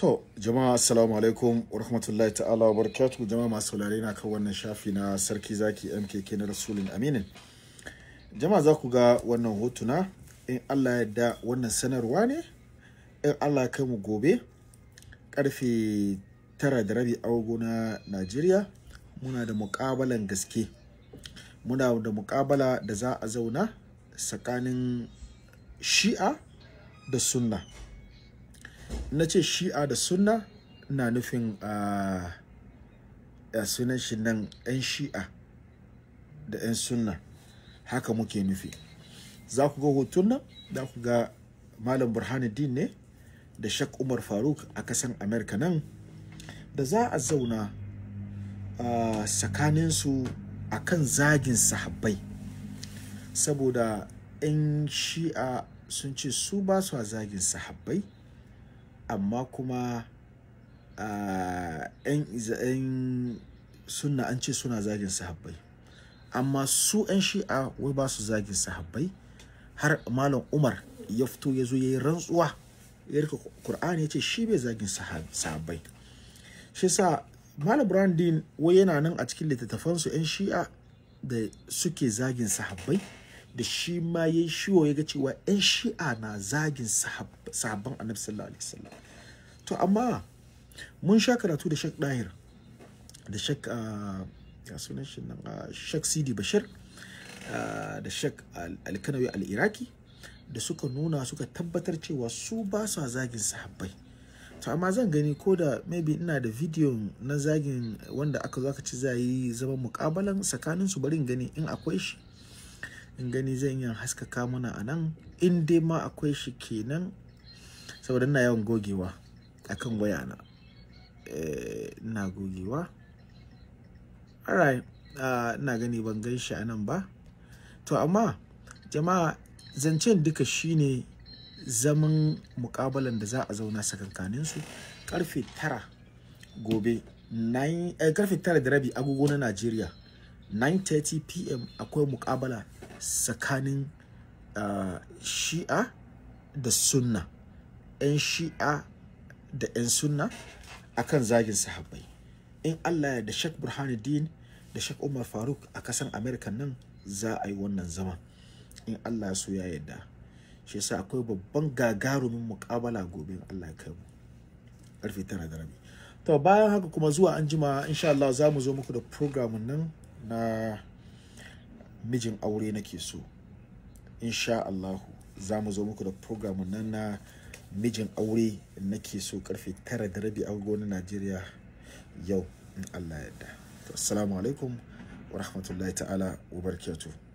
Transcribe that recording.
To, jama'a assalamu alaikum wa rahmatullahi ta'ala wa barakatuhu jama'a masu saurare na kan wannan shafi na sarki zaki MKK na Rasulun Aminin. Jama'a za ku ga wannan hotuna in Allah ya da wannan sanarwa ne in Allah kai mu gobe karfe tara da rabi agogo na Najeriya muna da muƙabalan gaske muna da muƙabala da za a zauna tsakanin shi'a da sunna. na ce shi'a da sunna na nufin ah, a sunan shi nan 'yan shi'a da 'yan sunna haka muke nufi za ku ga hoton nan za ku ga malam burhanuddin ne da shak umar faruk a kasan amerika nan da za a zauna a ah, tsakaninsu a kan zagin sahabbai saboda 'yan shi'a sun ce su ba su zagin sahabbai amma kuma yan sunna an ce suna zagin sahabbai amma su yan shi'a wai ba su zagin sahabbai har malam umar ya fito ya zo ya yi rantsuwa ya rika kur'ani ya ce shi bai zagin sahabbai shi sa malam brandin wai yana nan a cikin littattafansu yan shi'a da suke zagin sahabbai da shi ma ya yi shiwo ya ga cewa yan shi'a na zagin sahabban annabi sallallahu alaihi wasallam to amma mun sha karatu da shek dahir da shek ah, ya sunan shi nan ah, shek sidi bashir ah, da shek alkanawi al-iraki da suka nuna suka tabbatar cewa su ba sa zagin sahabbai to amma zan gani ko da maybe ina da video na zagin wanda aka zo aka ci za yi zama mukabalan tsakanin su bari gani in akwai shi in gani zan yi haskaka mana a nan in dai ma akwai shi kenan saboda ina yawan gogewa akan wayana eh, ina gogewa alright ah, ina gani ban gan shi a nan ba to amma jama'a zancen duka shine zaman mukabalan da za a zauna sakankaninsu karfe tara gobe eh, karfe tara da rabi agogo na najeriya 9:30 pm akwai mukabala tsakanin ah, shi'a da sunna 'yan shi'a da 'yan sunna akan zagin sahabbai in Allah ya da Sheikh Burhanuddin da Sheikh Umar Faruk a kasan Amerika nan za a yi wannan zaman in Allah so ya yarda shi yasa akwai babban gagarumin muƙabala gobe in Allah ya kai mu karfe tara da rabi to bayan haka kuma zuwa an jima insha Allah za mu zo muku da program nan na mijin aure nake so insha Allah za mu zo muku da program nan na mijin aure nake so karfe tara da rabi na Najeriya yau in Allah yarda assalamu alaikum wa rahmatullahi ta'ala wa barakatuh